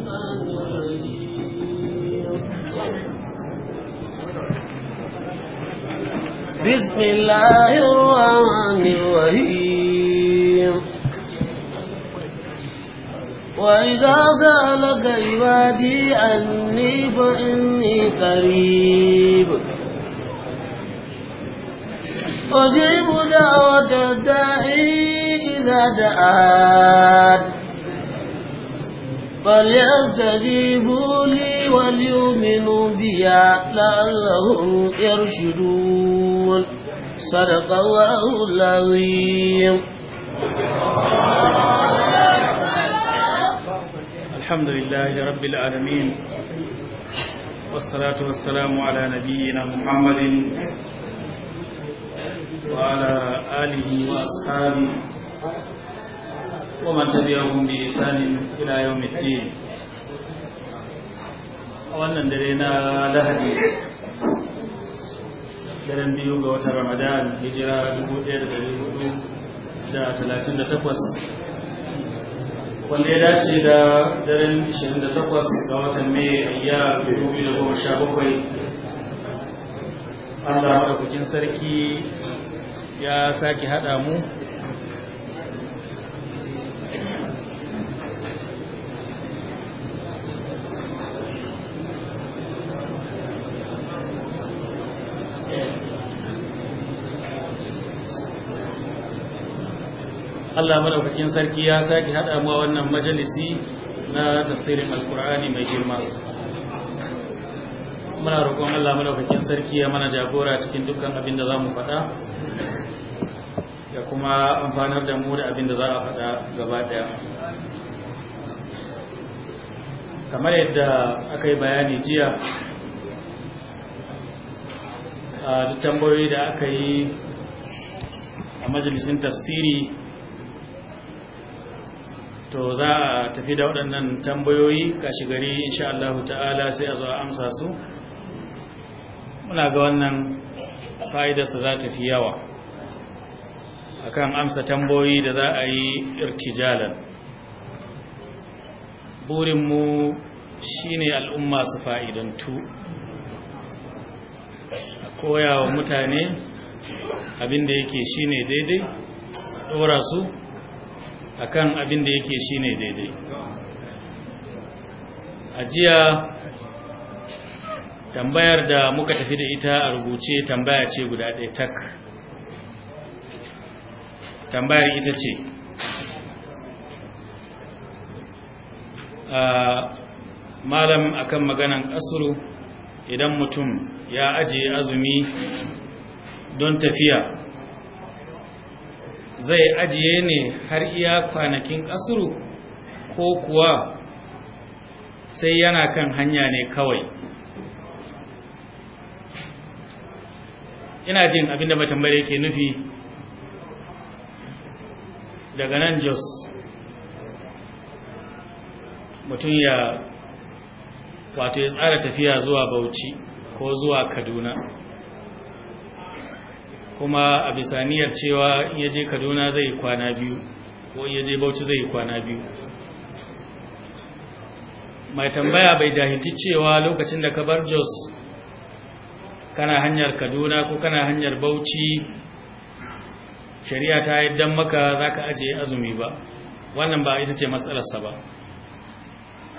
بسم الله الرحمن الرحيم وإذا سألك عبادي أني فإني قريب أجيب دعوة الداعي إذا دعان فليستجيبوا لي وليؤمنوا بي لعلهم يرشدون صدق الله العظيم الحمد لله رب العالمين والصلاة والسلام على نبينا محمد وعلى آله وأصحابه ومن تبعهم بإحسان إلى يوم الدين wannan dare na lahadi daren biyu ga watan ramadan hijira 1438 wanda ya dace da daren 28 ga watan mai ayya 2017 allah kukin sarki ya sake haɗa mu Allah madaukakin sarki ya sake hada mu a wannan majalisi na tafsirin alkur'ani mai girma muna roƙon Allah madaukakin sarki ya mana jagora cikin dukkan abin da zamu faɗa da kuma amfanar da mu da abin da za a faɗa gaba ɗaya kamar yadda aka yi bayani jiya da tambayoyi da aka yi a majalisin tafsiri to za a tafi da waɗannan tambayoyi kashi gari insha Allah ta'ala sai a zo a amsa su muna ga wannan fa'idarsa za ta fi yawa akan amsa tambayoyi da za a yi irtijalan burinmu shi ne al'umma su fa'idantu koya wa mutane abin da yake ne daidai ɗora su akan abin da yake ne daidai ajiya tambayar da muka tafi da ita a rubuce tambaya ce guda ɗaya tak tambayar ita ce ah, malam akan maganan asuru idan mutum ya ajiye azumi don tafiya zai ajiye ne har iya kwanakin ƙasuru ko kuwa sai yana kan hanya ne kawai ina jin abinda matambar ke nufi daga nan jos mutum ya wato ya tsara tafiya zuwa bauchi ko zuwa kaduna kuma a bisaniyar cewa in ya je kaduna zai kwana biyu ko in ya je bauchi zai kwana biyu mai tambaya bai jahilci cewa lokacin da ka bar jos kana hanyar kaduna ko kana hanyar bauchi shari'a ta yaddan maka za ka ajiye azumi ba wannan ba ita ce matsalarsa ba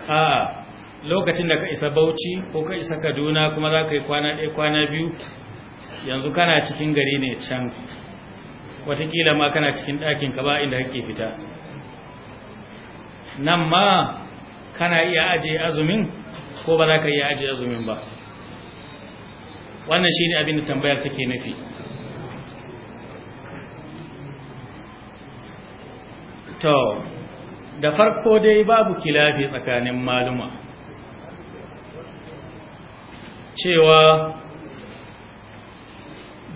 a'a lokacin da ka isa bauchi ko ka isa kaduna kuma za ka yi kwana ɗaya kwana biyu yanzu kana cikin gari ne can watakila ma kana cikin ɗakin ka ba inda kake fita nan ma kana iya ajiye azumin ko ba za ka iya ajiye azumin ba wannan shi ne abin da tambayar take nufi to da farko dai babu kilafi tsakanin maluma cewa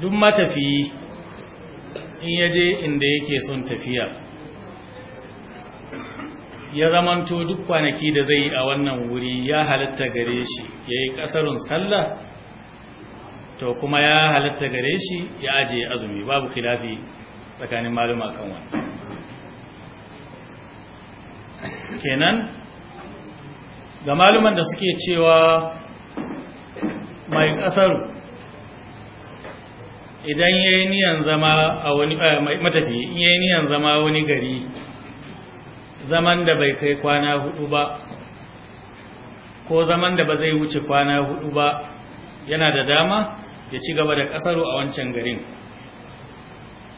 duk matafiyi in yaje inda yake son tafiya ya zamanto duk kwanaki da zai a wannan wuri ya halatta gare shi ya yi ƙasarun sallah to kuma ya halatta gare shi ya ajiye azumi babu khilafi tsakanin maluma kan wani kenan ga maluman da suke cewa mai ƙasar idan ya yi niyan zama a wani eh, matafi in yi niyan zama wani gari zaman da bai kai kwana hudu ba ko zaman da ba zai wuce kwana hudu ba yana da dama ya ci gaba da kasaru a wancan garin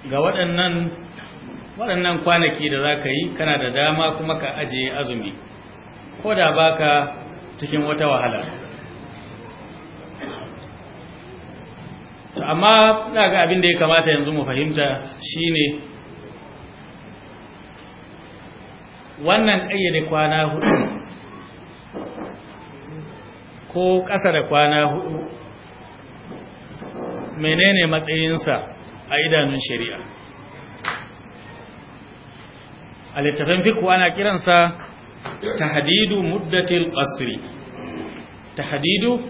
ga waɗannan waɗannan kwanaki da za ka yi kana da dama kuma ka ajiye azumi ko da baka cikin wata wahala to amma ina ga abin da ya kamata yanzu mu fahimta shine wannan ƙayyade kwana hudu ko ƙasa da kwana hudu menene matsayinsa a idanun shari'a a littafin fiku ana kiransa tahadidu muddatil qasri tahadidu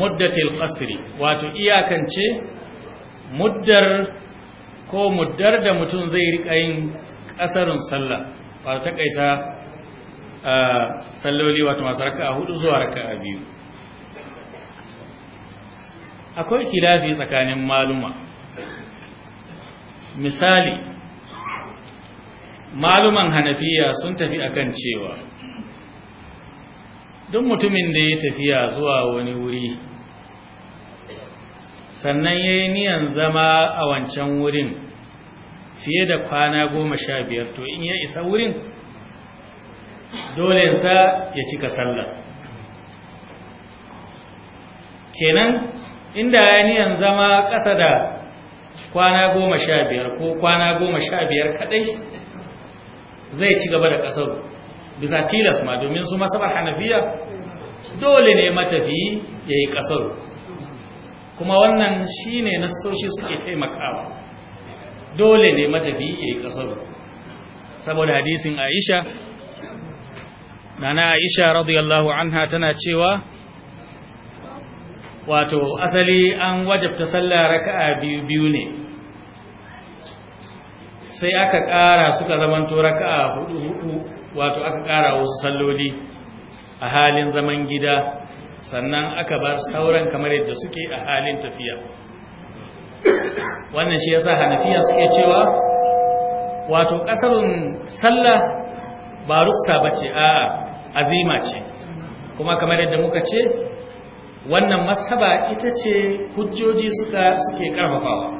muddatil qasri wato iyakance muddar ko muddar da mutum zai rika yin kasarin sallah wato takaita salloli wato masu raka'a hudu zuwa raka'a biyu akwai kilafi tsakanin maluma misali maluman hanafiya sun tafi akan cewa duk mutumin da ya tafiya zuwa wani wuri sannan ya yi niyan zama a wancan wurin fiye da kwana goma sha biyar to in ya isa wurin dole sa ya cika sallah kenan inda ya yi niyan zama ƙasa da kwana goma sha biyar ko kwana goma sha biyar kaɗai zai ci gaba da ƙasar bisa tilas ma domin su masabar hanafiya dole ne matafi ya yi ƙasar kuma wannan shi ne soshi suke taimakawa dole ne matafi ya yi ƙasar saboda hadisin aisha nana aisha radiyallahu anha tana cewa wato asali an wajabta sallah raka'a biyu biyu ne sai aka ƙara suka zamanto raka'a hudu hudu wato aka ƙara wasu salloli a halin zaman gida sannan aka bar sauran kamar yadda suke a halin tafiya wannan shi yasa hanafiya suke cewa wato ƙasarun sallah ba ruksa ba ce a azima ce kuma kamar yadda muka ce wannan masaba ita ce hujjoji suka suke ƙarfafawa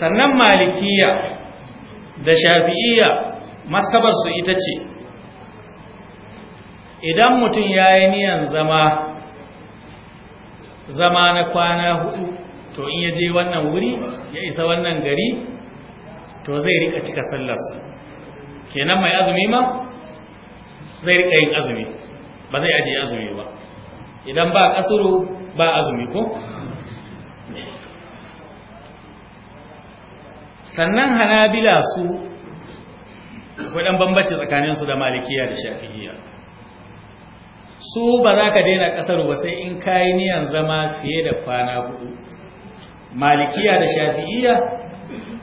sannan malikiya da shafi'iyya masabarsu ita ce idan mutum ya yi niyan zama zama na kwana hudu to in ya je wannan wuri ya isa wannan gari to zai rika cika sallarsa kenan mai azumi ma zai rika yin azumi ba zai ajiye azumi ba idan ba kasuru ba azumi ko sannan hanabila su kudan bambanci tsakaninsu da malikiya da shafi'iyya su ba za ka daina kasar ba sai in kayi niyan zama fiye da kwana hudu malikiya da shafi'iyya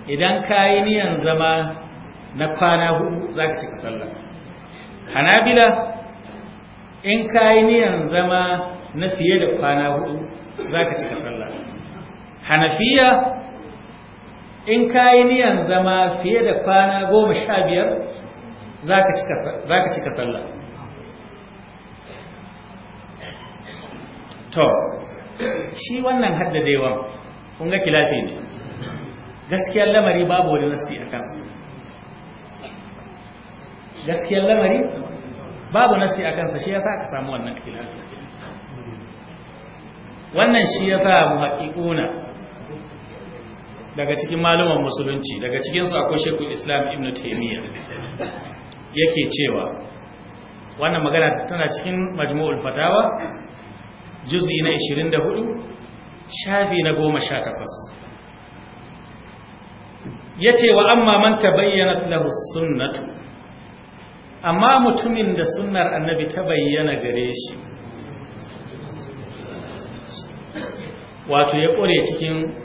idan kayi niyan zama na kwana hudu za ka ci sallah hanabila in kayi niyan zama na fiye da kwana hudu za ka ci sallah hanafiya in ka yi niyan zama fiye da kwana goma sha biyar za ka cika sallah to shi wannan haddadewan kunga kilafi ne gaskiyar lamari babu wani nasi a kansa gaskiyar lamari babu nasi a kansa shi ya sa ka samu wannan kilafi wannan shi ya sa mu haƙiƙuna daga cikin malaman musulunci daga cikinsu akwai shekul islam ibn taymiya yake cewa wannan magana tana cikin majmu'ul fatawa juz'i na 24 shafi na 18 yace wa amma man bayyana lahu sunnatu amma mutumin da sunnar annabi ta bayyana gare shi wato ya kore cikin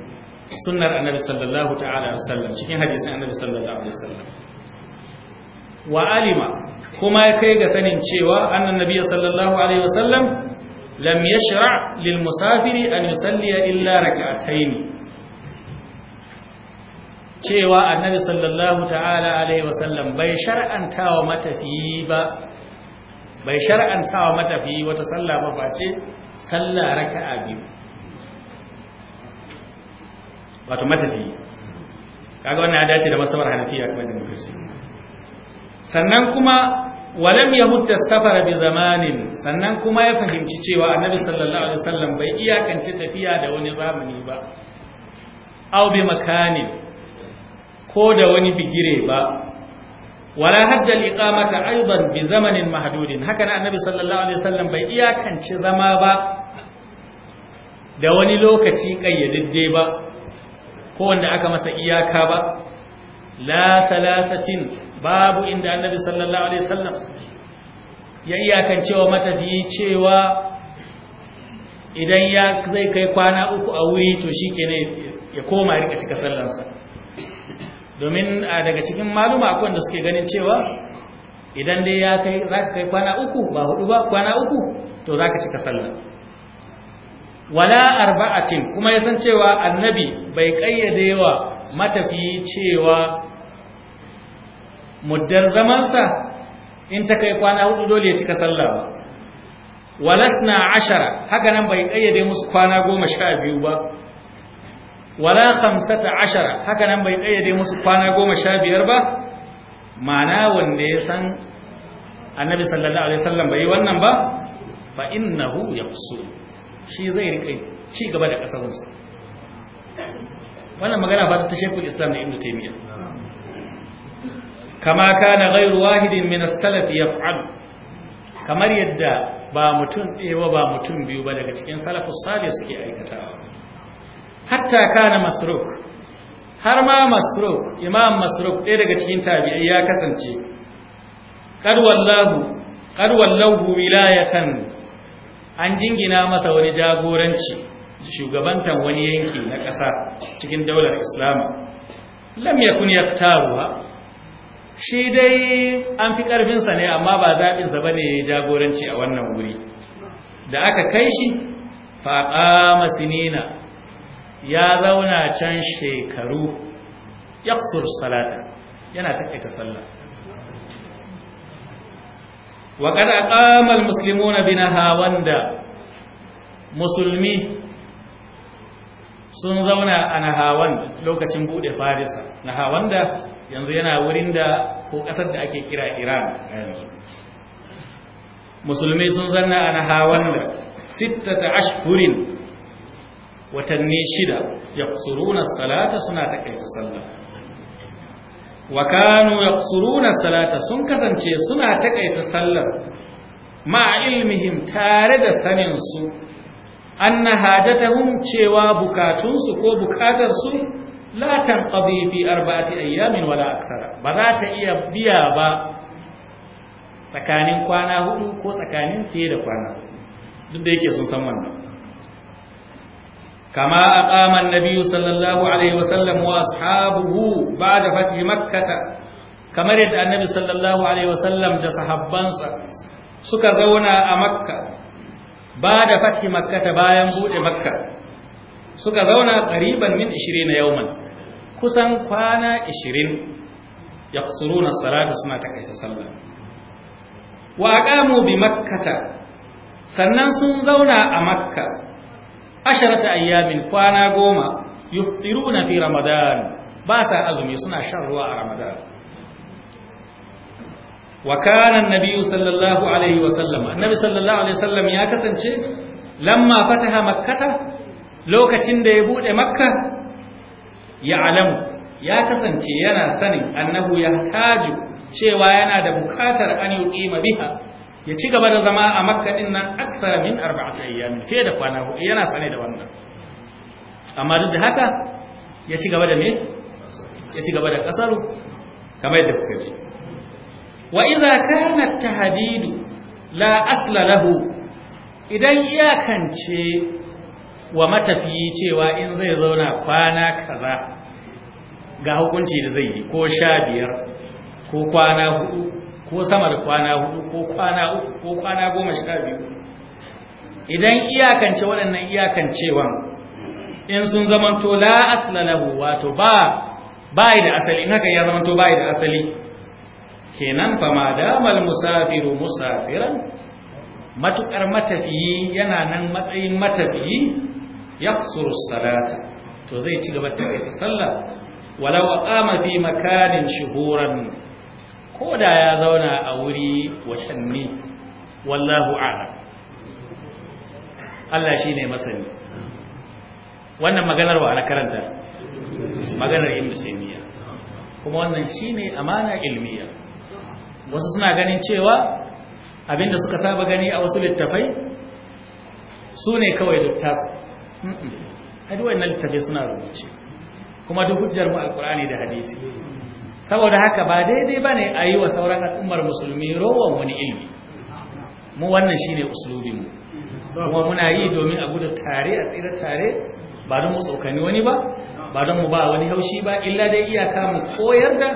sunnar annabi sallallahu ta'ala alaihi sallam, cikin hadisin annabi sallallahu alaihi wasallam wa alima kuma ya kai ga sanin cewa annan nabi sallallahu alaihi wasallam lam yashra' lil musafiri an yusalliya illa rak'atayn cewa annabi sallallahu ta'ala alaihi wasallam bai shar'antawa matafiyi ba bai shar'antawa matafiyi wata sallah ba face sallah raka'a biyu wato matafiyi kaga wannan ya dace da masabar hanafiya kamar da muka sannan kuma walam yahudda safar bi zamanin sannan kuma ya fahimci cewa annabi sallallahu alaihi wasallam bai iyakance tafiya da wani zamani ba aw bi makanin ko da wani bigire ba wala hadda al-iqamata aidan bi zamanin mahdudin haka na annabi sallallahu alaihi wasallam bai iyakance zama ba da wani lokaci kayyadadde ba ko wanda aka masa iyaka ba la talatatin babu inda annabi sallallahu alaihi wasallam ya iyakan cewa matafiyi cewa idan ya zai kai kwana uku a wuri to shikenan ya koma rika cika sallarsa domin a daga cikin maluma akwai wanda suke ganin cewa idan dai ya kai za ka kai kwana uku ba hudu ba kwana uku to za ka cika sallar? wala arba'atin kuma ya san cewa annabi bai kayyade wa matafiyi cewa muddar zamansa in ta kai kwana hudu dole ya cika sallah ba walasna ashara haka nan bai kayyade musu kwana goma sha biyu ba wala khamsata ashara haka nan bai kayyade musu kwana goma sha biyar ba ma'ana wanda ya san annabi sallallahu alaihi wasallam bai yi wannan ba fa innahu yafsul shi zai rika ci gaba da ƙasarunsa wannan magana ba ta shekul islam da ibn taimiyya kama kana ghairu wahidin min as-salaf yaf'al kamar yadda ba mutum ɗaya ba mutum biyu ba daga cikin salafus salih suke aikatawa hatta kana masruk har ma masruk imam masruk ɗaya daga cikin tabi'ai ya kasance qad wallahu wallahu wilayatan an jingina masa wani jagoranci shugabantan wani yanki na ƙasa cikin daular islama lam ya fitarwa. shi dai an fi ƙarfinsa ne amma ba zaɓinsa ba ne jagoranci a wannan wuri da aka kai shi faƙa masinina ya zauna can shekaru ya salata yana taƙaita sallah wa qad aqama almuslimuna binaha wanda musulmi sun zauna a nahawan lokacin bude farisa nahawan da yanzu yana wurin da ko kasar da ake kira iran musulmi sun zanna a nahawan da sittata ashhurin watanni shida ya salata suna takaita sallah wa kanu yaqsuruna salata sun kasance suna takaita sallar ma ilmihim tare da sanin su anna ta cewa bukatun su ko bukatar su la tanqadi fi arba'ati ayamin wala akthara ba za ta iya biya ba tsakanin kwana hudu ko tsakanin fiye da kwana duk da yake sun san wannan كما أقام النبي صلى الله عليه وسلم وأصحابه بعد فتح مكة كما رد النبي صلى الله عليه وسلم ده صحبانسا سكا زونا مكة بعد فتح مكة بايا بود مكة سكا زونا قريبا من 20 يوما كسان كوانا 20 يقصرون الصلاة سنة كيسا وأقاموا بمكة sannan sun zauna a makka asharata ayyamin kwana goma yuftiruna fi ramadan ba sa azumi suna shan ruwa a ramadan wa kana annabi sallallahu alaihi wa sallam annabi sallallahu alaihi wa sallam ya kasance lamma fataha makkata lokacin da ya bude makka ya alamu ya kasance yana sanin annahu ya taju cewa yana da bukatar an yuqima biha ya ci gaba da zama a makka din nan aksara min arba'ati ayyamin fiye da kwana hudu yana sane da wannan amma duk da haka ya ci gaba da me ya ci gaba da kasaru kamar yadda kuka ji wa idza kana tahdid la asla lahu idan kance wa matafiyi cewa in zai zauna kwana kaza ga hukunci da zai yi ko sha biyar ko kwana hudu ko sama da kwana hudu ko kwana uku ko kwana goma sha biyu idan iyakance waɗannan iyakancewan in sun zamanto la asla lahu wato ba bai da asali in haka ya zamanto bai da asali kenan fa ma damal musafiru musafiran matukar matafiyi yana nan matsayin matafiyi yaqsuru salata to zai ci gaba da sallah walau aqama fi makanin shuhuran ko da ya zauna a wuri watanni wallahu a'lam Allah shi ne masani wannan maganar wa na karanta maganar ibn simiya kuma wannan shi ne amana ilmiya wasu suna ganin cewa abinda suka saba gani a wasu littafai su ne kawai littafi haduwa na littafi suna rubuce kuma duk hujjar mu alkur'ani da hadisi saboda haka ba daidai ba ne a yi wa sauran al'ummar musulmi rowan wani ilmi mu wannan shi ne usulubinmu kuma muna yi domin a gudu tare a tsira tare ba don mu tsokani wani ba ba don mu ba wani haushi ba illa dai iyaka mu koyar da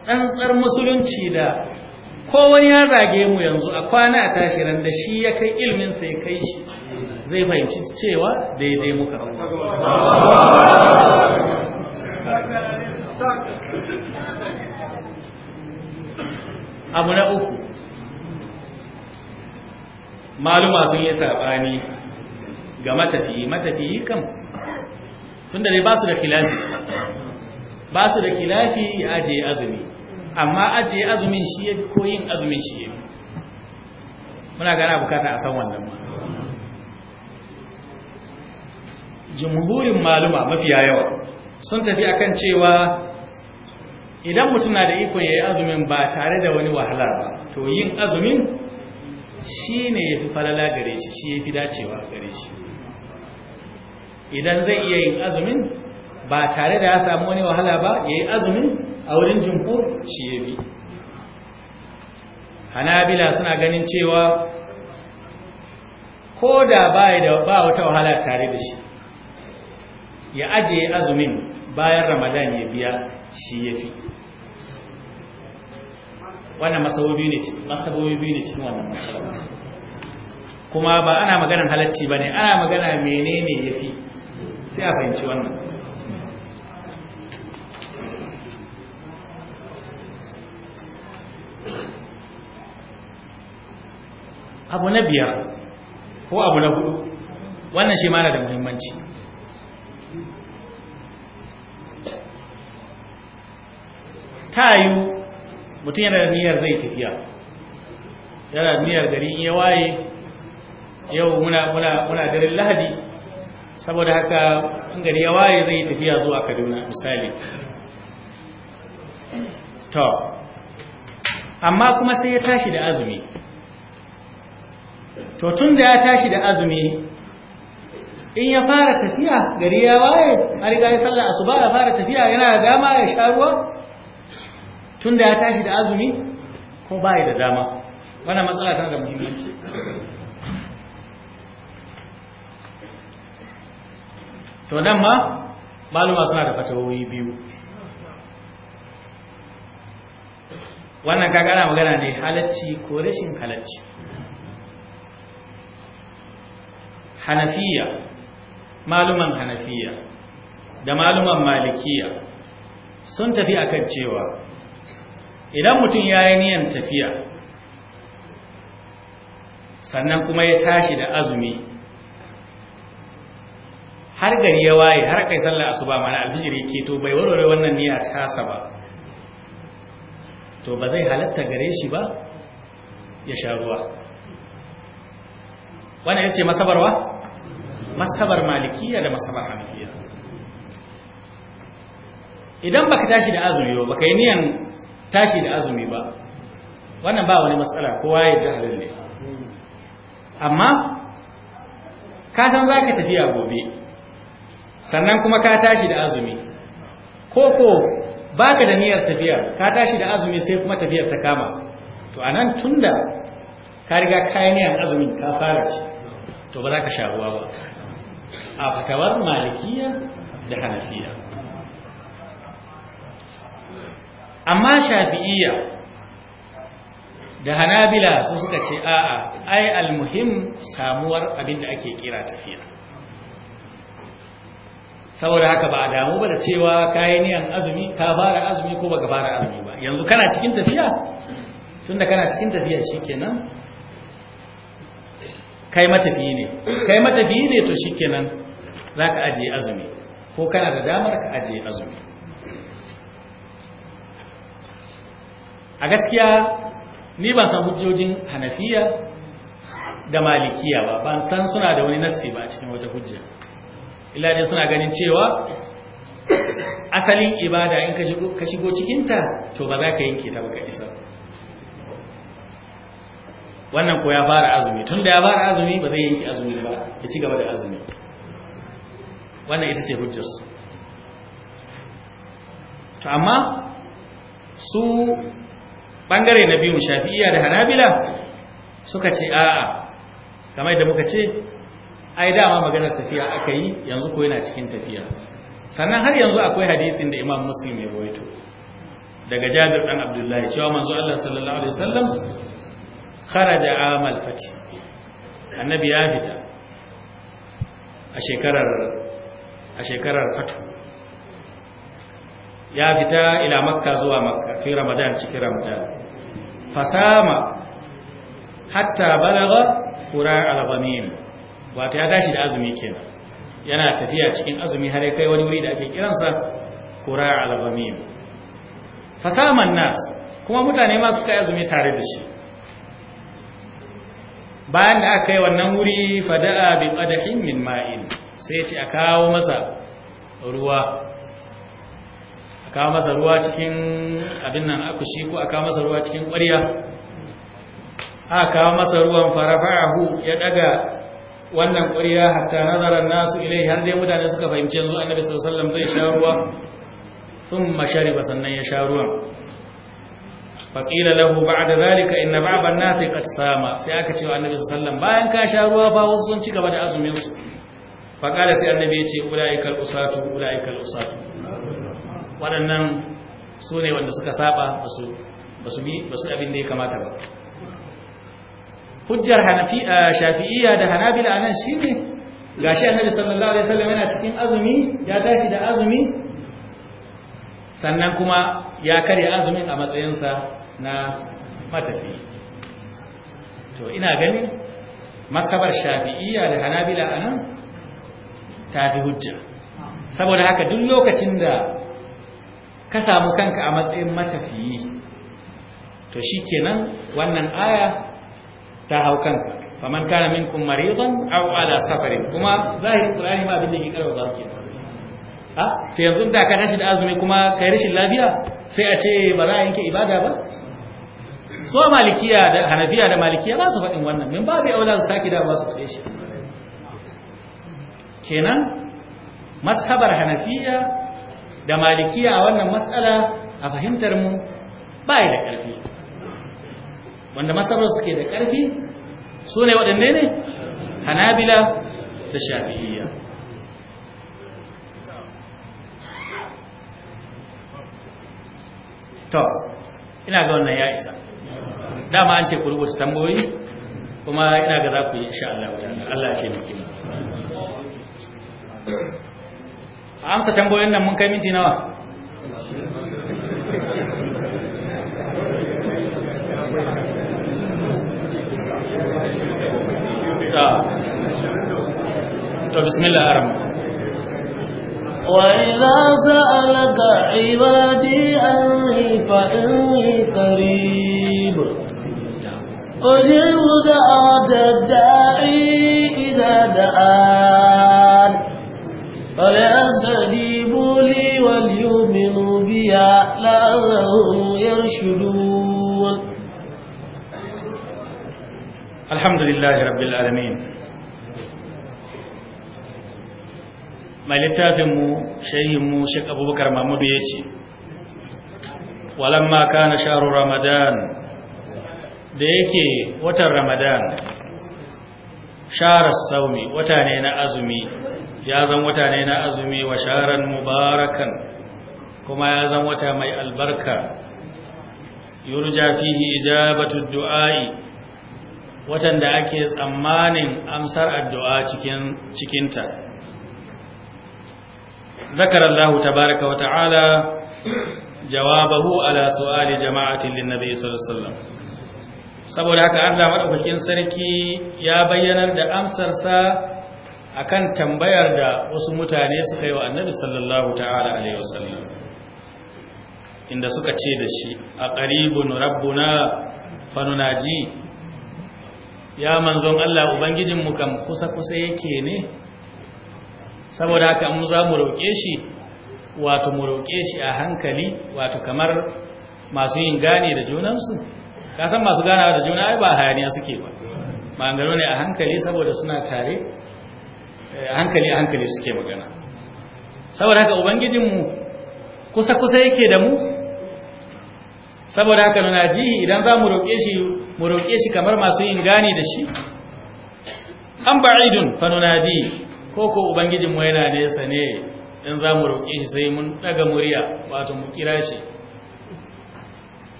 tsantsar musulunci da wani ya zage mu yanzu a kwana a tashi ran da shi ya kai ilmin sa ya kai shi zai fahimci cewa daidai muka abu na uku maluma sun yi saɓani ga matafiyi matafiyi kam tun da dai ba su da kilafi ba su da kilafi ya ajiye azumi amma ajiye azumin shi ya fi ko yin azumin shi ya fi muna gana bukata a san wannan ma jumhurin maluma mafiya yawa sun tafi akan cewa idan mutum na da ikon yayi azumin ba tare da wani wahala ba to yin azumin shine yafi falala gare shi shi yafi dacewa gare shi idan zai iya yin azumin ba tare da ya samu wani wahala ba yayi azumin a wurin jinku shi yafi hanabila suna ganin cewa ko da ba wata wahala tare da shi ya ajiye azumin bayan ramadan ya biya shi ya fi wannan masabobi ne masabobi biyu ne cikin wannan masabobi kuma ba ana maganar halacci bane ana magana menene yafi sai a fahimci wannan abu na biyar ko abu na hudu wannan shi mana da muhimmanci ta yiwu mutum yana da niyyar zai tafiya yana da niyyar gari in ya waye yau muna muna muna garin lahadi saboda haka in gari ya waye zai tafiya zuwa kaduna misali to amma kuma sai ya tashi da azumi to tun da ya tashi da azumi in ya fara tafiya gari ya waye a riga ya sallar asuba ya fara tafiya yana da dama ya sha ruwa tun da ya tashi da azumi kuma ba da dama wana matsala tana da muhimmanci to nan ma maluma suna da fatawoyi biyu wannan kakana magana ne halacci ko rashin halacci hanafiya maluman hanafiya da maluman malikiya sun tafi akan cewa idan mutum ya yi niyan tafiya sannan kuma ya tashi da azumi har gari ya waye har kai sallar asuba mana alfijiri ke to bai warware wannan niyya tasa ba to ba zai halatta gare shi ba ya sha ruwa wannan yace masabarwa masabar malikiya da masabar hanafiya idan baka tashi da azumi ba baka yi niyan tashi da azumi ba wannan ba wani matsala kowa ya ji ne amma kasan za ka tafiya gobe sannan kuma ka tashi da azumi ko ko ba ka da niyyar tafiya ka tashi da azumi sai kuma tafiyar ta kama to a nan tun da ka riga kayan niyyar azumin ka fara shi to ba za ka sha ruwa ba a fatawar malikiya da hanafiya amma shafi'iyya da hanabila su suka ce a'a ai almuhim samuwar abin da ake kira tafiya saboda haka ba a damu ba da cewa yi niyan azumi ka bara azumi ko ba ka bara azumi ba yanzu kana cikin tafiya tunda kana cikin tafiya shikenan kai matafiyi ne kai matafiyi ne to shikenan zaka aje azumi ko kana da damar ka aje azumi a gaskiya ni ban san hujjojin hanafiya da malikiya ba ban san suna da wani nassi ba a cikin wata hujja illa dai suna ganin cewa asalin ibada in ka shigo cikinta to ba za ka yanke ta baka isa wannan ko ya fara azumi tun da ya fara azumi ba zai yanke azumi ba ya ci gaba da azumi wannan ita ce hujjarsu to amma su bangare na biyu shafi'iyya da hanabila suka ce a'a kamar da muka ce ai dama maganar tafiya aka yi yanzu ko yana cikin tafiya sannan har yanzu akwai hadisin da imam muslim ya rawaito daga jabir dan abdullahi cewa manzo Allah sallallahu alaihi wasallam kharaja amal fati annabi ya fita a shekarar a shekarar fatu ya fita ila makka zuwa makka fi ramadan cikin ramadan fasama hatta balaga qura al-ghamim wato ya tashi da azumi kenan yana tafiya cikin azumi har kai wani wuri da ake kiransa qura al-ghamim fasaman nas kuma mutane ma suka yi azumi tare da shi bayan da aka kai wannan wuri fada'a bi qadahin min ma'in sai ya ce a kawo masa ruwa ka masa ruwa cikin abin nan shi ko aka masa ruwa cikin ƙwarya aka masa ruwan farafa'ahu ya daga wannan ƙwarya hatta nazaran nasu ilai har dai mutane suka fahimci yanzu annabi sallallahu alaihi wasallam zai sha ruwa thumma shariba sannan ya sha ruwan faƙila lahu ba da zalika inna ba'ban nasi qad sama sai aka cewa annabi sallallahu bayan ka sha ruwa ba wasu sun ci gaba da azumin su faƙala sai annabi ya ce ulaikal usatu ulaikal usatu waɗannan su ne wanda suka saba ba su abin da ya kamata ba hujjar shafi'iyya da hanabila a nan shi ne ga shi annabi sallallahu alaihi wasallam yana cikin azumi ya tashi da azumi sannan kuma ya karya azumin a matsayinsa na matafi to ina ganin masabar shafi'iyya da hanabila a nan ta fi hujja saboda haka duk lokacin da ka samu kanka a matsayin matafiyi to shi kenan wannan aya ta hau kanka faman kana minkum maridan aw ala safarin kuma zahirin qur'ani ma abin da ke karwa ba a to yanzu da ka tashi da azumi kuma kai rashin lafiya sai a ce ba za a yanke ibada ba so malikiya da hanafiya da malikiya ba su faɗin wannan min babu aula su taki da ba su faɗe shi kenan mashabar hanafiya da malikiya a wannan matsala a fahimtar mu ba da ƙarfi wanda masarar suke da ƙarfi su ne waɗanne ne hanabila da shafi'iyya to ina ga wannan ya isa dama an ce ku rubuta kuma ina ga za ku yi insha Allah Allah ya taimake mu amsa tambayoyin nan mun kai minti nawa to bismillah aram وإذا سألك عبادي أني فإني قريب أجيب دعوة الداعي إذا دعان فليستجيبوا لي وليؤمنوا بي لعلهم يرشدون الحمد لله رب العالمين mai littafinmu mu shek abubakar mahmudu ya ce walamma kana sharu ramadan da yake watan ramadan sharar saumi wata ne na azumi ya zan wata ne na azumi wa sharan mubarakan kuma ya zan wata mai albarka yurja fihi ijabatu du'ai watan da ake tsammanin amsar addu'a cikin cikinta zakara Allah tabaaraka wa ta'ala jawabahu ala su'ali jama'atin linnabi sallallahu alaihi wasallam saboda haka Allah madaukakin sarki ya bayyanar da amsarsa akan tambayar da wasu mutane suka yi wa annabi sallallahu ta'ala alaihi wasallam inda suka ce da shi a qaribun rabbuna fanunaji ya manzon Allah ubangijin mu kam kusa kusa yake ne saboda haka mu za mu roke shi wato mu roke shi a hankali wato kamar masu yin gane da junansu kasan masu ganawa da juna ai ba hayaniya suke ba maganganu ne a hankali saboda suna tare hankali hankali suke magana saboda haka ubangijinmu kusa-kusa yake da mu saboda haka nuna ji idan za mu roƙe shi mu roƙe shi kamar masu yin gani da shi an ba'idun bi ko ko ubangijinmu yana nesa ne in za mu roƙe shi sai mun ɗaga murya wato mu kira shi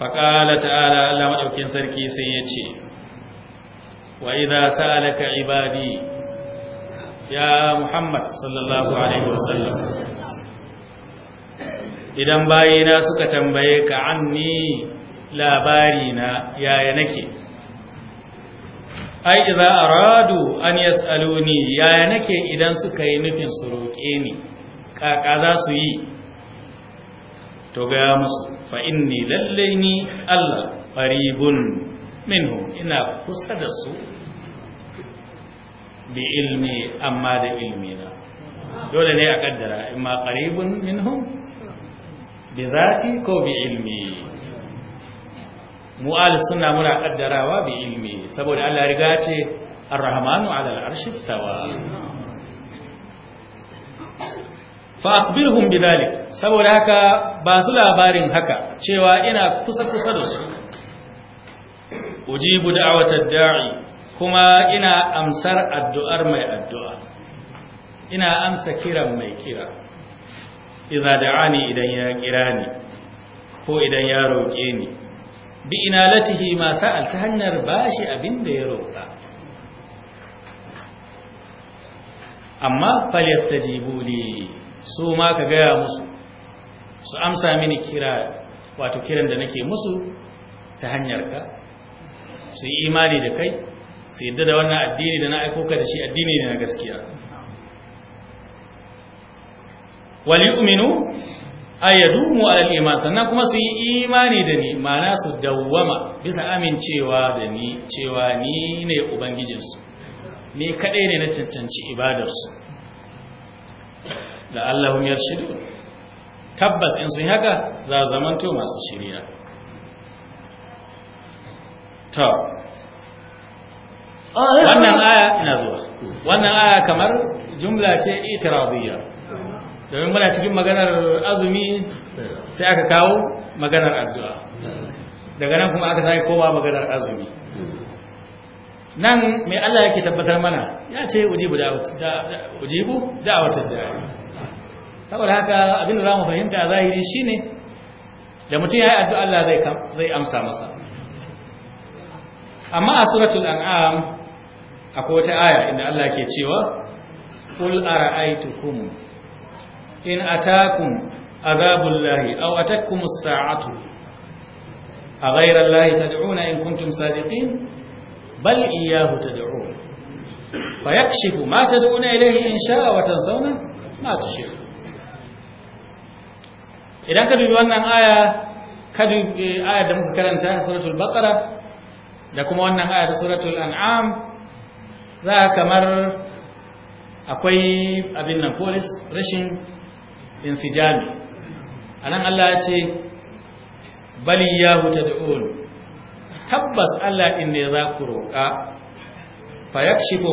faƙala ta'ala Allah maɗaukin sarki sai ya ce wa idha sa'alaka ibadi ya Muhammad sallallahu alaihi wasallam idan bayina suka tambaye ka anni labarina yaya nake ai idan aradu an yasaluni yaya nake idan suka yi nufin su roƙe ni kaka za su yi to ga musu fa inni lallaini Allah qaribun minhu ina kusa da su bi ilmi amma da ilmina dole ne a kaddara imma qaribun minhum bi zati ko bi ilmi mu al sunna muna kaddarawa bi ilmi saboda Allah riga ce ar-rahmanu ala al-arshi istawa fa akhbirhum bidhalik saboda haka ba su labarin haka cewa ina kusa kusa da su ujibu da'watad da'i kuma ina amsar addu'ar mai addu'a ina amsa kiran mai kira iza da'ani idan ya kira ni ko idan ya roƙe ni bi inalatihi ma sa'al ta hanyar bashi abin da ya roƙa amma falyastajibu li su ma ka gaya musu su amsa mini kira wato kiran da nake musu ta hanyar ka su imani da kai su yadda da wannan addini da na aiko ka da shi addini ne na gaskiya wal ayyadu mu alal iman sannan kuma su yi imani da ni ma'ana su dawwama bisa amincewa da ni cewa ni ne ubangijinsu ni kadai ne na cancanci ibadarsu da Allahum yarshidu tabbas in sun haka za zamanto masu shirya wannan aya ina zuwa wannan aya kamar jumla ce itiradiyya domin muna cikin maganar azumi sai aka kawo maganar addu'a daga nan kuma aka sai kowa maganar azumi nan mai Allah yake tabbatar mana ya ce ujibu da'awatar da'i saboda haka abin da za mu fahimta a zahiri shine da mutum ya yi addu'a Allah zai amsa masa amma a suratul an'am akwai wata aya inda Allah ke cewa qul ara'aytukum in atakum azabullahi aw atakum as-sa'atu aghayra allahi tad'una in kuntum sadiqin bal iyyahu tad'un fayakshifu ma tad'una ilayhi in sha'a wa tazawna ma tushriku idan ka dubi wannan aya ka dubi aya da muka karanta suratul baqara da kuma wannan aya ta suratul an'am za a kamar akwai abin nan polis rashin insijami a nan Allah ya ce bali ya huta da ulu tabbas Allah in ne za ku roƙa fa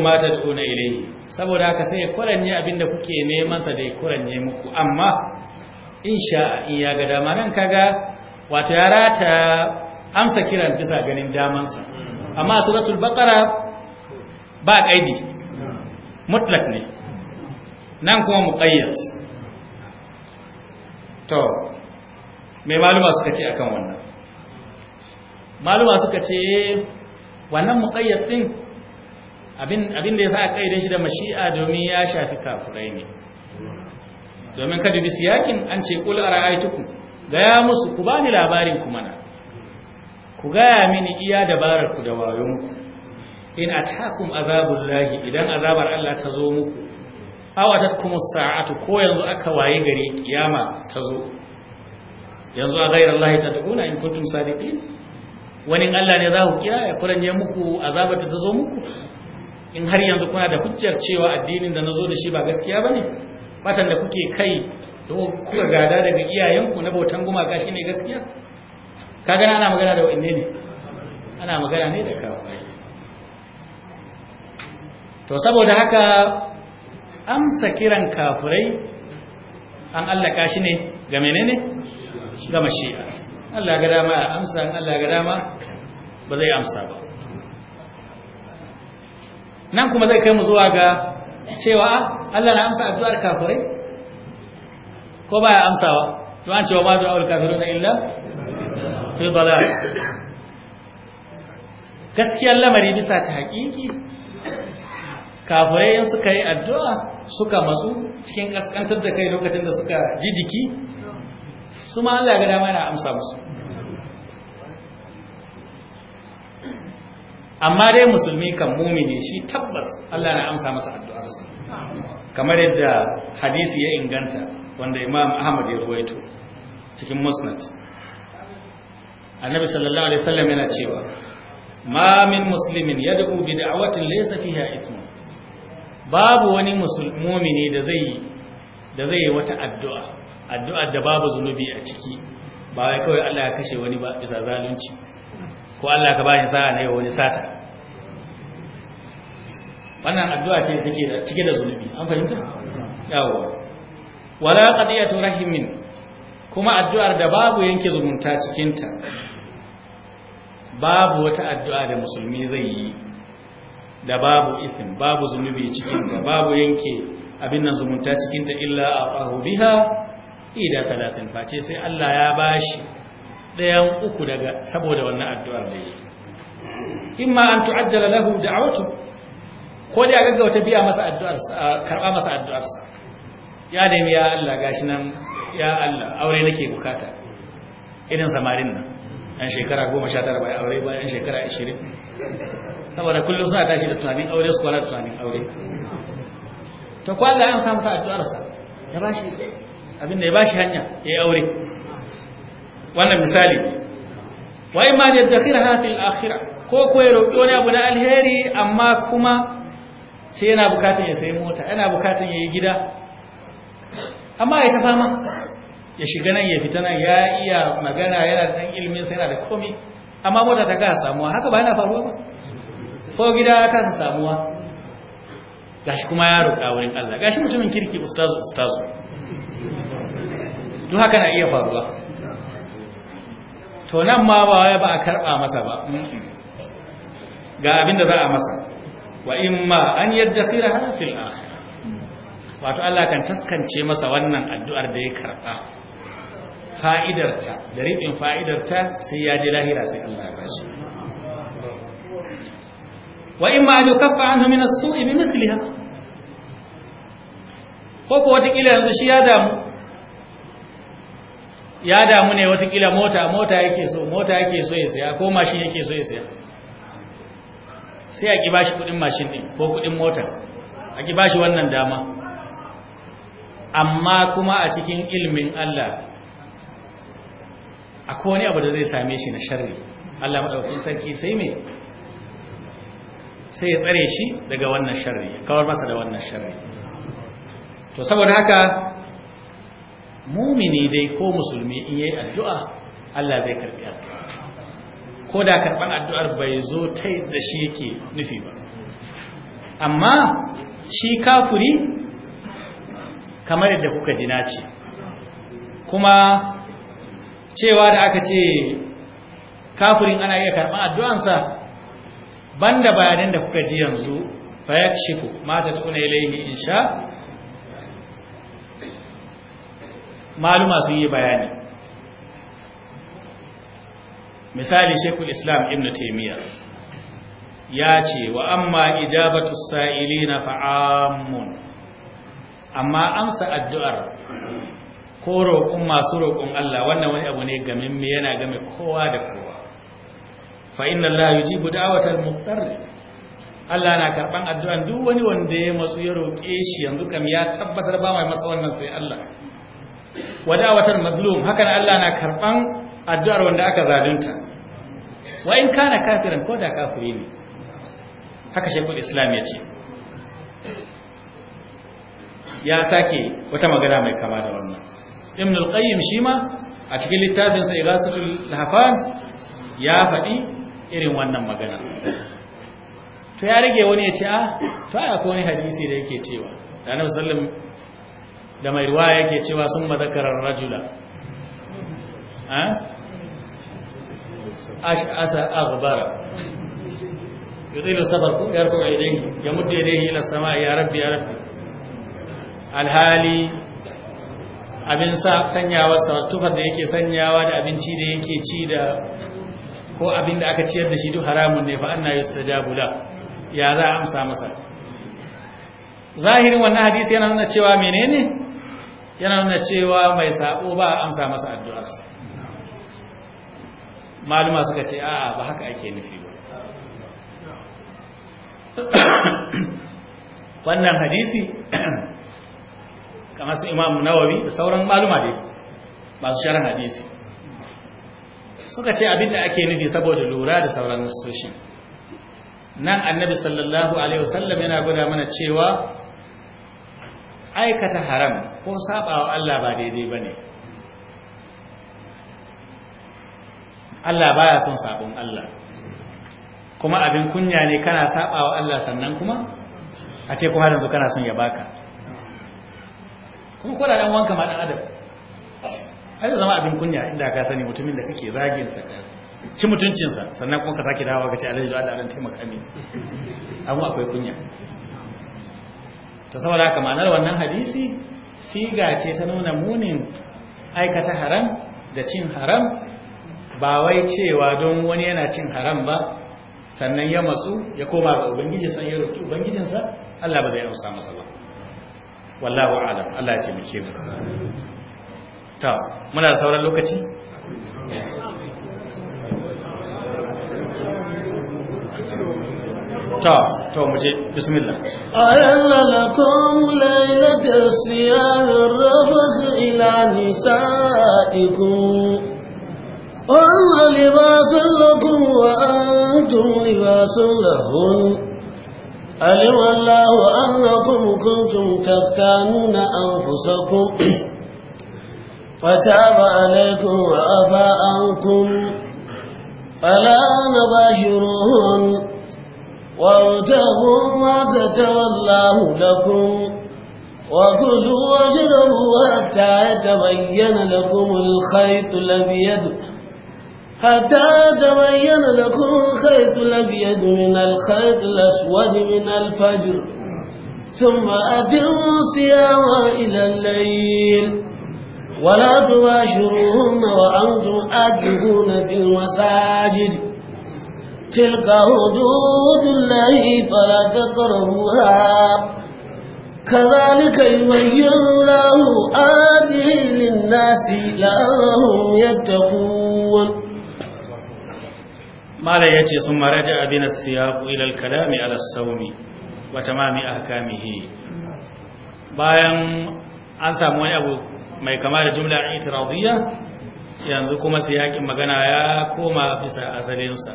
mata da tad'una ilai saboda haka sai kuranye abinda kuke neman sa da kuranye muku amma insha in ya ga dama nan kaga wata yara ta amsa kiran bisa ganin damansa sa amma suratul baqara ba kaidi mutlak ne nan kuma muqayyad to me maluma suka ce akan wannan maluma suka ce wannan muqayyad din abin abin da yasa aka kaide shi da mashi'a domin ya shafi kafirai ne domin kada bi siyakin an ce qul ara'aytukum gaya musu ku bani labarin ku mana ku gaya mini iya dabarar ku da wayonku in atakum lahi idan azabar Allah ta zo muku awadat kuma saatu ko yanzu aka waye gare kiyama ta zo yanzu a gairar Allah dauna in kuntum sadiqin wani Allah ne za ku kira ya kuranye muku azabar ta zo muku in har yanzu kuna da hujjar cewa addinin da nazo da shi ba gaskiya bane matan da kuke kai da kuka gada daga iyayenku na bautan gumaka shine gaskiya kaga ana magana da wanne ne ana magana ne da kawai to saboda haka amsa kiran kafirai an allaka shi ne ga menene ga mashi'a Allah ga dama a amsa an Allah ga dama ba zai amsa ba nan kuma zai kai mu zuwa ga cewa ah, Allah na amsa addu'ar kafirai ko ba amsa amsawa to an cewa ba du'a al-kafiruna illa fi dalal gaskiyar lamari bisa ta haƙiƙi kafirai suka yi addu'a suka masu cikin kaskantar da kai lokacin da suka ji jiki su ma Allah ga dama yana amsa musu amma dai musulmi kan mumini shi tabbas Allah na amsa masa addua kamar yadda hadisi ya inganta wanda Imam Ahmad ya ruwaito cikin Musnad Annabi sallallahu alaihi wasallam yana cewa ma min muslimin yad'u bi da'watin laysa fiha ithmun babu wani musulmi ne da zai da zai wata addu'a addu'ar da babu zunubi a ciki ba wai kawai Allah ya kashe wani ba bisa zalunci ko Allah ka bani sa'a ne wani sata wannan addu'a ce take da cike da zunubi an fahimta yawo wala qadiyatu rahimin kuma addu'ar da babu yanke zumunta cikin ta babu wata addu'a da musulmi zai yi da babu isim babu zunubi da babu yanke abin nan zumunta cikin ta illa a biha ida talatin face sai Allah ya bashi ɗayan uku daga saboda wannan addu'ar da yi imma an tu'ajjala lahu da'awatu ko da gaggauta biya masa addu'ar karba masa addu'ar ya nemi ya Allah gashi nan ya Allah aure nake bukata irin samarin nan 'an shekara 19 bai aure ba ɗan shekara 20 saboda kullum sa tashi da tunanin aure su kwana da tunanin aure ta kwallaye an samu sa addu'arsa ya ba shi abin da ya ba shi hanya ya yi aure wannan misali wa ne da dakhira hafil akhira ko ko ya roƙi wani abu na alheri amma kuma sai yana bukatun ya sayi mota yana bukatun ya yi gida amma ya ta fama ya shiga nan ya fita nan ya iya magana yana da ɗan ilimin sai yana da komi amma mota ta ga samuwa haka ba yana faruwa ba ko gida ya kasa samuwa gashi kuma ya roƙa wurin Allah gashi mutumin kirki ustazu ustazu duk haka na iya faruwa to nan ma ba wai ba a karba masa ba ga abin da za a masa wa imma an yaddakhiraha fil akhir wato Allah kan taskance masa wannan addu'ar da ya karba fa'idarta da ribin fa'idarta sai ya je lahira sai Allah ya bashi wa in ma an yukaffa anhu min as-su'i bi mithliha ko ko wata kila yanzu shi ya damu ya damu ne wata kila mota mota yake so mota yake so ya saya ko mashin yake so ya saya sai a ki bashi kudin mashin din ko kudin mota a ki bashi wannan dama amma kuma a cikin ilmin Allah akwai wani abu da zai same shi na sharri Allah madaukakin sarki sai me sai ya tsare shi daga wannan sharri ya kawar masa da wannan sharri to saboda haka mumini dai ko musulmi in yayi addu'a Allah zai karbi addu'a ko da karban addu'ar bai zo ta da shi yake nufi ba amma shi kafuri kamar yadda kuka ji ce. kuma cewa da aka ce kafurin ana iya karban addu'ansa banda bayanan da kuka ji yanzu fa mata ma tatuna in insha maluma sun yi bayani misali shekul islam ibn taimiyya ya ce wa amma ijabatu sa'ilina fa'amun amma amsa addu'ar ko roƙon masu roƙon Allah wannan wani abu ne gamin mai yana game kowa da kowa fa inna allaha yujibu watan muqtar Allah na karban addu'an duk wani wanda ya matsu ya roke shi yanzu kam ya tabbatar ba mai masa wannan sai Allah wa da'watal mazlum hakan Allah na karban addu'ar wanda aka zalunta wa in kana kafiran ko da kafiri ne haka shekul islam ya ce ya sake wata magana mai kama da wannan ibn al-qayyim shi ma a cikin littafinsa irasatul hafan ya faɗi irin wannan magana to ya rage wani ya ce a ah, to ya ko wani hadisi da yake cewa da na musallin da mai ruwa yake cewa sun ma zakarar rajula ah? ash asa aghbara yudilu sabarku yarku aidayhi yamuddu yadayhi ila samaa ya rabbi ya rabbi alhali abin sa sanyawa sa tufar da yake sanyawa da abinci da yake ci da ko abin da aka ciyar da shi duk haramun ne fa anna yustajabu la ya za a amsa masa zahirin wannan hadisi yana nuna cewa menene yana nuna cewa mai sabo ba a amsa masa addu'ar sa maluma suka ce a'a ba haka ake nufi ba wannan hadisi kamar su imamu nawawi da sauran maluma dai masu sharan hadisi suka ce abinda ake nufi saboda lura da sauran nasoshi nan annabi sallallahu alaihi wasallam yana gwada mana cewa aikata haram ko sabawa Allah ba daidai bane Allah baya son sabon Allah kuma abin kunya ne kana sabawa Allah sannan kuma a ce kuma yanzu kana son ya baka kuma ko da wanka ma dan adam har da zama abin kunya inda ka sani mutumin da kake zagin sa ka ci mutuncinsa sannan kuma ka sake dawowa ka ce alhaji Allah dan taimaka min abu akwai kunya to saboda haka ma'anar wannan hadisi siga ce ta nuna munin aikata haram da cin haram ba wai cewa don wani yana cin haram ba sannan ya matsu ya koma ga ubangiji san ya roki ubangijinsa Allah ba zai amsa masa ba wallahu a'lam Allah ya ke mu ta muna da sauran lokaci ta to mu bismillah ayalla lakum laylatu siyam rabas ila nisaikum وَاللَّهُ لِبَاسٌ لَكُمْ وَأَنْتُمْ لِبَاسٌ لَهُنَّ ألم الله أنكم كنتم تختانون أنفسكم فتاب عليكم وعفى عنكم فلا نباشرون وارتغوا ما كتب الله لكم وكلوا واشربوا حتى يتبين لكم الخيط الأبيض حتى يتبين لكم الخيط الأبيض من الخيط الأسود من الفجر ثم أتموا الصيام إلى الليل ولا تباشرون وأنتم آكفون في المساجد تلك حدود الله فلا تقربوها كذلك يبين الله آته للناس لأنهم يتقون ما لا يأتي ثم رجع بنا السياق إلى الكلام على الصوم وتمام أحكامه bayan an samu wani abu mai kama da jumla itiradiyya yanzu kuma siyakin magana ya koma bisa asalinsa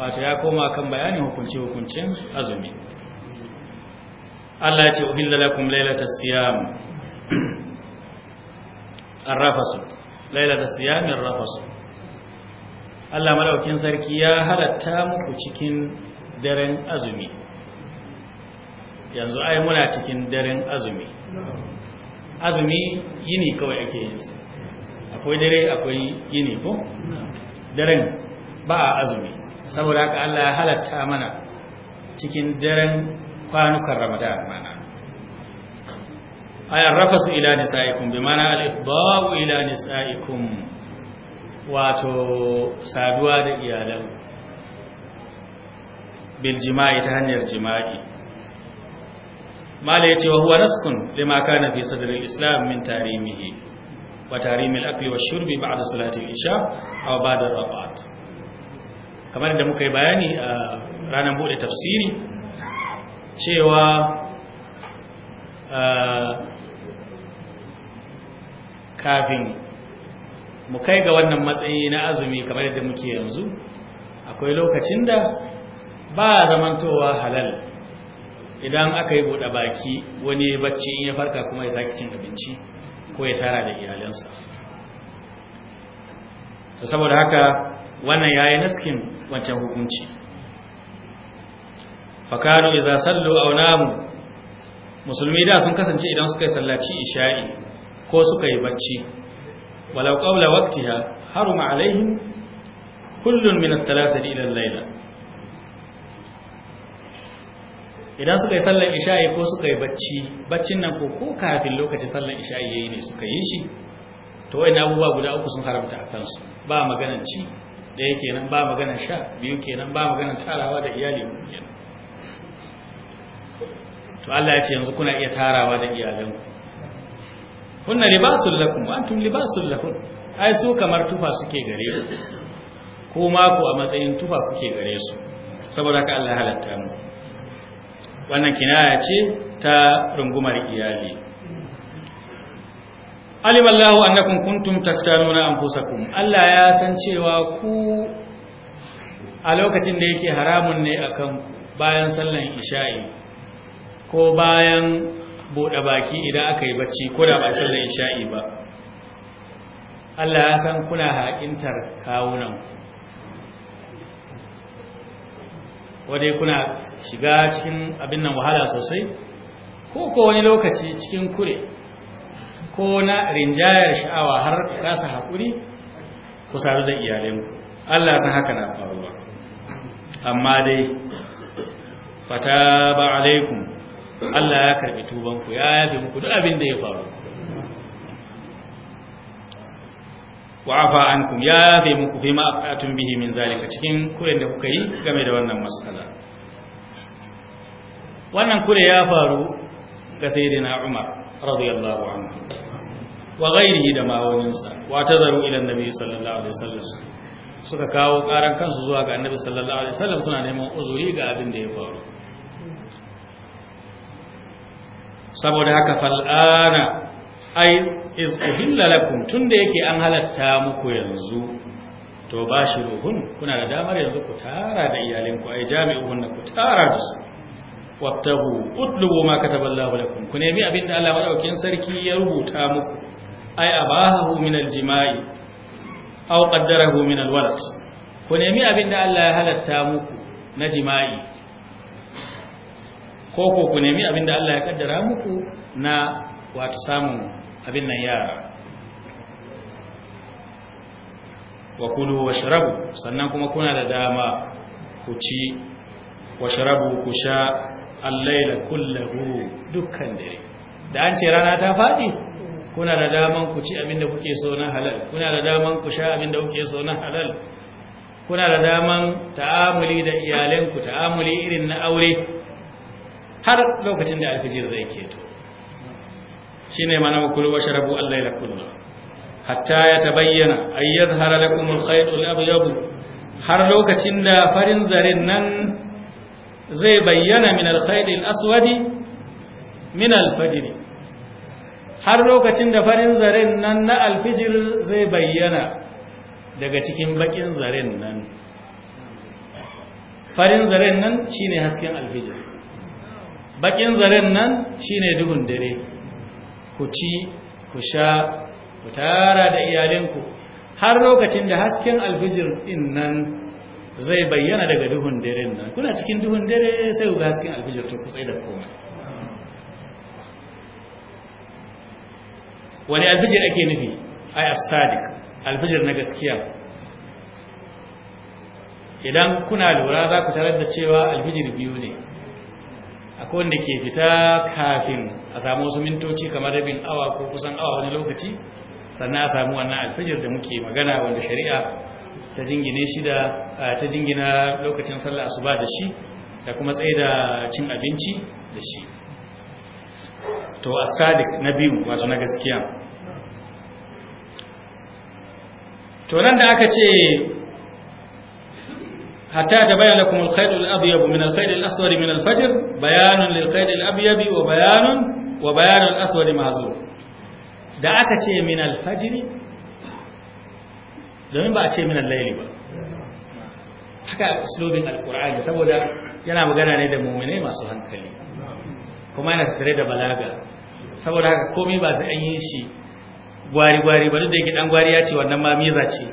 wato ya koma kan bayanin hukunci hukuncin azumi Allah ya ce uhilla lakum lailatas siyam arrafasu lailatas siyam arrafasu Allah madaukin sarki ya halatta muku cikin daren azumi yanzu ai muna cikin daren azumi azumi yini kawai ake yin akwai dare akwai yini ko daren ba a azumi saboda haka Allah ya halatta mana cikin daren kwanukan Ramadan mana ayar rafasu ila nisaikum bi mana al-ifdau ila nisaikum wato saduwa da iyalan bil jima'i ta hanyar jima'i mala yace wa huwa naskun lima kana fi sadr al-islam min tarimihi wa tarim al-akli wash-shurbi ba'da salati al-isha aw ba'da rabat kamar da muka yi bayani a ranar bude tafsiri cewa uh, kafin mu kai ga wannan matsayi na azumi kamar yadda muke yanzu akwai lokacin da ba zamantowa halal idan aka yi buɗe baki wani bacci in ya farka kuma ya sake cin abinci ko ya tara da iyalansa to saboda haka wannan yayi naskin wancan hukunci fakanu idza sallu aw namu musulmi da sun kasance idan suka yi sallaci isha'i ko suka yi bacci walau qabla waqtiha haruma alaihim kullun min as-salasati ila al-layla idan suka yi sallar isha'i ko suka yi bacci baccin nan ko ko kafin lokacin sallar isha'i yayi ne suka yi shi to wai abubuwa guda uku sun haramta a kansu ba maganan ci ɗaya kenan ba maganar sha biyu kenan ba maganar tarawa da iyali ku kenan to Allah ya ce yanzu kuna iya tarawa da iyalanku kunna libasul lakum wa antum libasul lakum ai su kamar tufa suke gare ku ko ma ku a matsayin tufa kuke gare su saboda ka Allah halatta mu wannan kinaya ce ta rungumar iyali alimallahu annakum kuntum taktanuna anfusakum Allah ya san cewa ku a lokacin da yake haramun ne akan bayan sallan isha'i ko bayan bude baki idan aka yi bacci ko da ba sallan isha'i ba Allah ya san kuna haƙintar kawunan wadai kuna shiga cikin abin nan wahala sosai ko ko wani lokaci cikin kure ko na rinjayar sha'awa har rasa haƙuri ku sadu da iyalanku Allah san haka na faruwa amma dai fata ba alaikum Allah ya karbi tubanku ya yabe muku duk abin da ya faru wa afa ankum ya yafe muku fi ma'afatun bihi min zalika cikin kuren da kuka yi game da wannan matsala wannan kure ya faru ga sayyidina Umar radiyallahu anhu wa ghairihi da mawaninsa wa tazaru ila annabi sallallahu alaihi wasallam suka kawo karan kansu zuwa ga annabi sallallahu alaihi wasallam suna neman uzuri ga abin da ya faru saboda haka fal'ana ai iz uhilla lakum tunda yake an halatta muku yanzu to bashi ruhun kuna da damar yanzu ku tara da iyalinku ai jami'uhun ku tara da su wattabu utlubu ma kataballahu lakum ku nemi abin da Allah madaukin sarki ya rubuta muku ai abahu min aljima'i aw qaddarahu min alwalad ku nemi abin da Allah ya halatta muku na jima'i ko ko ku nemi abin da Allah ya kaddara muku na wato samun abin nan yara wa kulu wa sharabu sannan kuma kuna da dama ku ci wa sharabu ku sha allaila kullahu dukkan dare da an ce rana ta faɗi kuna da daman ku ci da kuke so na halal kuna da daman ku sha da kuke so na halal kuna da daman ta'amuli da iyalanku ta'amuli irin na aure har lokacin da alfijir zai keto shine mana ku kulu washrabu al-layla kullu hatta yatabayyana ay yadhhara lakum al-khayt al-abyad har lokacin da farin zarin nan zai bayyana min al-khayt al-aswad min al-fajr har lokacin da farin zarin nan na al-fajr zai bayyana daga cikin bakin zarin nan farin zaren nan shine hasken alfijir bakin zaren nan shine duhun dare ku ci ku sha ku tara da iyalinku har lokacin da hasken alfijir din nan zai bayyana daga duhun dare nan kuna cikin duhun dare sai ga hasken alfijir to ku da komai wani alfijir ake nufi ay as-sadiq alfijir na gaskiya idan kuna lura za ku tarar da cewa alfijir biyu ne akwai wanda ke fita kafin a samu wasu mintoci kamar rabin awa ko kusan awa wani lokaci sannan a samu wannan alfijir da muke magana wanda shari'a ta jingine shi da ta jingina lokacin sallah asuba da shi da kuma tsaye da cin abinci da shi to a na biyu wato na gaskiya to nan da aka ce حتى تبين لكم الخيط الأبيض من الخيط الأسود من الفجر بيان للخيط الأبيض وبيان وبيان الأسود معزول da شيء من الفجر alfajiri domin ba a ce min al-laili ba haka uslubin alqur'ani saboda yana magana ne da mu'mine masu hankali kuma yana tattare da balaga saboda haka komai ba sai an yi shi gwari gwari ba duk da yake dan gwari ya ce wannan ma miza ce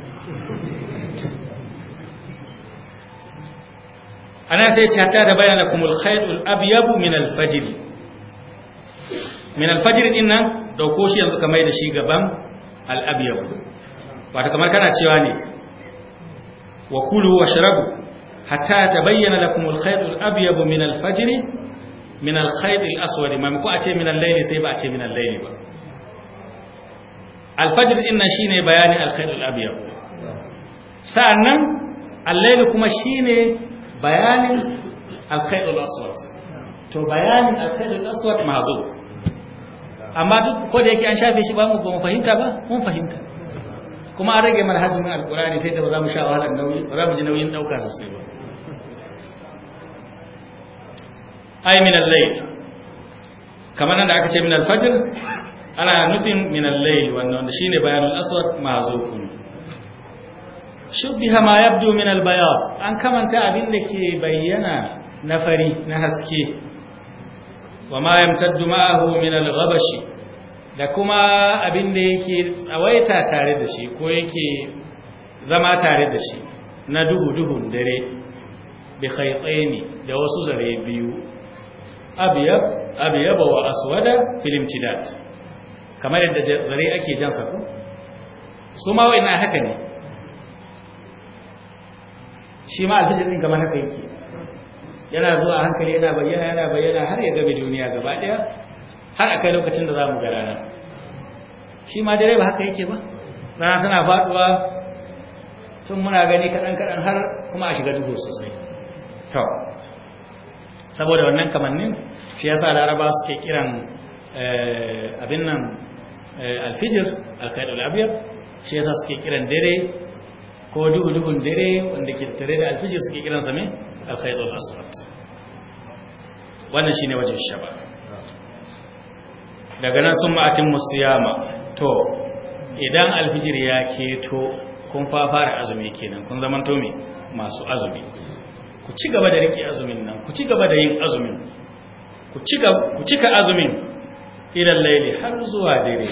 ana sai ce hatta da bayyana kumul khairul abyabu min al-fajr min al-fajr din nan dauko shi yanzu kamar da shi gaban al-abyab wato kamar kana cewa ne wa kulu washrabu hatta tabayyana lakum al-khayt al-abyad min al min al-khayt al-aswad ma ko a ce min al sai ba a ce min al ba alfajiri din nan shine bayanin al-khayt al-abyad sa'annan al-layli kuma shine bayanin alkhairul aswad to bayanin alkhairul aswad mazo amma duk ko da yake an shafe shi ba mu ba fahimta ba mun fahimta kuma an rage mana hazimin alkurani sai da ba za mu sha wahalar nauyi ba za mu ji nauyin dauka sosai ba ai min al-layl kamar nan da aka ce min al-fajr ana nufin min al-layl wannan shine bayanul aswad ma'zufun shubbiha ma yabdu min albayad an kamanta abin da ke bayyana na fari na haske wa ma yamtaddu ma'ahu min alghabashi da kuma abin da yake tsawaita tare da shi ko yake zama tare da shi na duhu duhun dare bi khaytaini da wasu zare biyu abyab abyab wa aswada fil imtidad kamar yadda zare ake jansa ko su ma na haka ne shi ma alfijir kamar haka yake yana zuwa hankali yana bayyana yana bayyana har ya gabe duniya gaba daya har akai lokacin da za mu ga rana shi ma dare ba haka yake ba rana tana faduwa tun muna gani kaɗan kaɗan har kuma a shiga duhu sosai to saboda wannan kamannin shi yasa laraba suke kiran eh, abin nan eh, alfijir alkhairul abiyar shi yasa suke kiran dare ko dubu-dubun dare wanda ke tare da alfijir suke kiransa mai alkhaidul aswad wannan shine ne wajen shaba daga nan sun ma'atin musiyama to idan alfijir ya keto kun fara azumi kenan kun zaman me masu azumi ku ci gaba da riƙe azumin nan ku ci gaba da yin azumin ku cika azumin idan laili har zuwa dare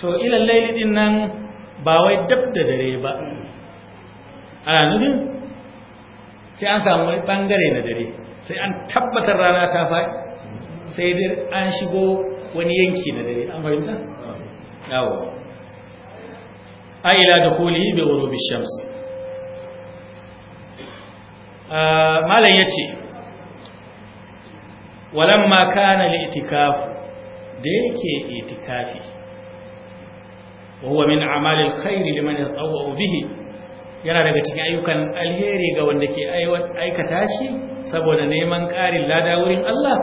to idan laili din nan ba wai dab da dare ba ana nufin sai an samu wani bangare na dare sai an tabbatar rana ta faɗi sai dai an shigo wani yanki na dare an fahimta yawo a ila da koli bai wuro bishams ah, malam ya ce walamma kana li itikafu da yake itikafi wa huwa min amalil khairi liman yatawwa yana daga cikin ayyukan alheri ga wanda ke aikata shi saboda neman ƙarin lada wurin Allah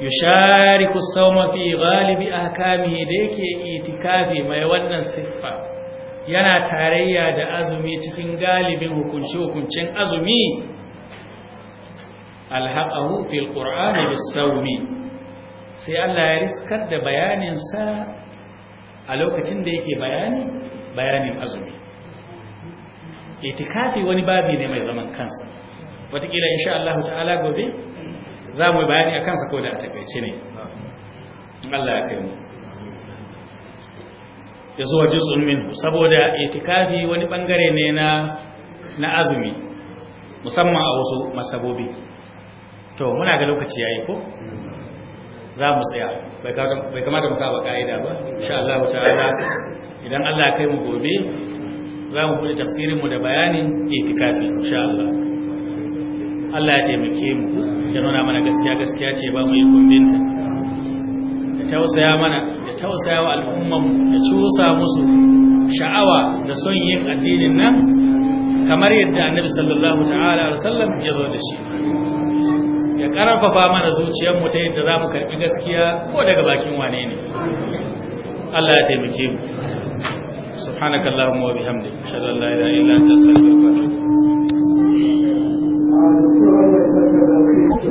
yushariku mafi galibi a ahkamihi da yake itikafi mai wannan siffa yana tarayya da azumi cikin galibin hukunci hukuncin azumi alhaqahu fil qur'ani bis sai Allah ya riskar da bayanin sa a lokacin da yake bayani bayanin azumi itikafi wani babi ne mai zaman kansa watakila insha Allah ta'ala gobe za mu bayani a kansa ko a takaice ne Allah ya kai mu ya zuwa juz'un min saboda itikafi wani bangare ne na na azumi musamman a wasu masabobi to muna ga lokaci yayi ko za mu tsaya bai kamata mu saba ka'ida ba insha Allah ta'ala idan Allah ya kai mu gobe za mu bude tafsirin mu da bayanin itikafi insha Allah Allah ya taimake mu ya nuna mana gaskiya gaskiya ce ba mu yi kumbinta Ya tausaya mana ya tausaya wa al'ummar mu da cusa musu sha'awa da son yin addinin nan kamar yadda annabi sallallahu ta'ala wa sallam ya zo da shi ya karfafa mana zuciyar mu ta yadda zamu karbi gaskiya ko daga bakin wane ne Allah ya taimake mu subhanakallahumma wa bihamdika ashhadu an la ilaha illa anta astaghfiruka wa atubu ilayk